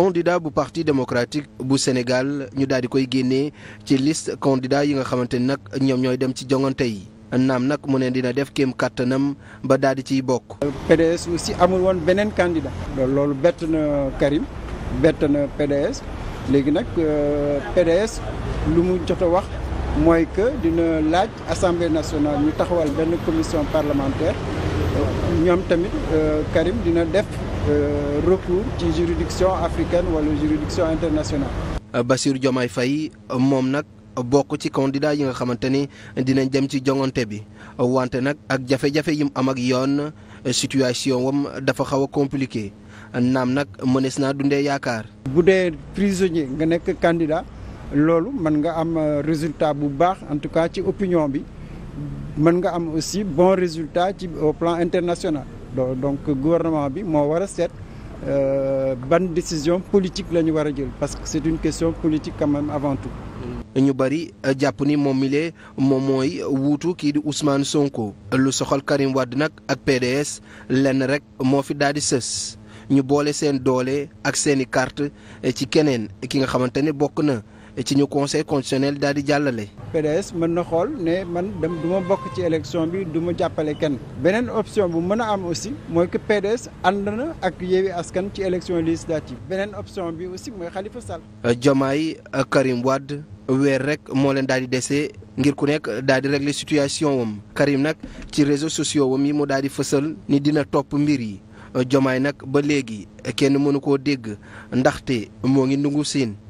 candidat bu parti démocratique bu Sénégal ñu daal di koy génnee ci liste candidat yi nga xamante ni nag ñoom ñooy dem ci joŋante yi naam nag mu ne dina def kéem kàttanam ba daal di ciy bokk. PDS aussi amul woon beneen candidat. loolu bett na Karim bett na PDS léegi nag euh, PDS lu mu jot a wax mooy que dina laaj assemblée nationale ñu taxawal benn commission parlementaire euh, ñoom tamit euh, Karim dina def. Euh, recours ci juridiction africaine wala juridiction internationale. Euh, Bassirou Diomaye Faye euh, moom nag bokk ci candidat yi nga xamante ni dinañ dem ci joŋante bi wante nag ak jafe-jafe yi mu am ak yoon situation wam dafa xaw a compliqué naam nag mënees naa dundee yaakaar. bu dee prisonnier nga nekk candidat loolu mën nga am résultat bu baax en tout cas ci opinion bi mën nga am aussi bon résultat ci au plan international. donc gouvernement bi moo war a seet euh, ban décision politique la ñu war a jël parce que c'est une question politique quand même avant tout. ñu bëri jàpp ni moom mile moom mooy wuutu kii di Ousmane Sonko lu soxal Karim wadd nag ak PDS lenn rek moo fi daal di sës ñu boole seen doole ak seeni carte ci keneen ki nga xamante ne bokk na. ci ñu conseil constitutionnel daal di jàllale. PDS mën na xool ne man dem du ma bokk ci élection bi du ma jàppale kenn beneen option bu mën a am aussi mooy que PDS ànd na ak Yewwi Askan ci élection législative beneen option bi aussi mooy Khalifa Sall. Euh, Diomaye euh, Karim Wade weer rek moo leen daal di dese ngir ku nekk daal di régler situation wam Karim nag ci réseau sociaux wam yi mu daal di fësal ni dina topp mbir yi euh, Diomaye nag ba léegi kenn mënu koo dégg ndaxte moo ngi ndungu siin.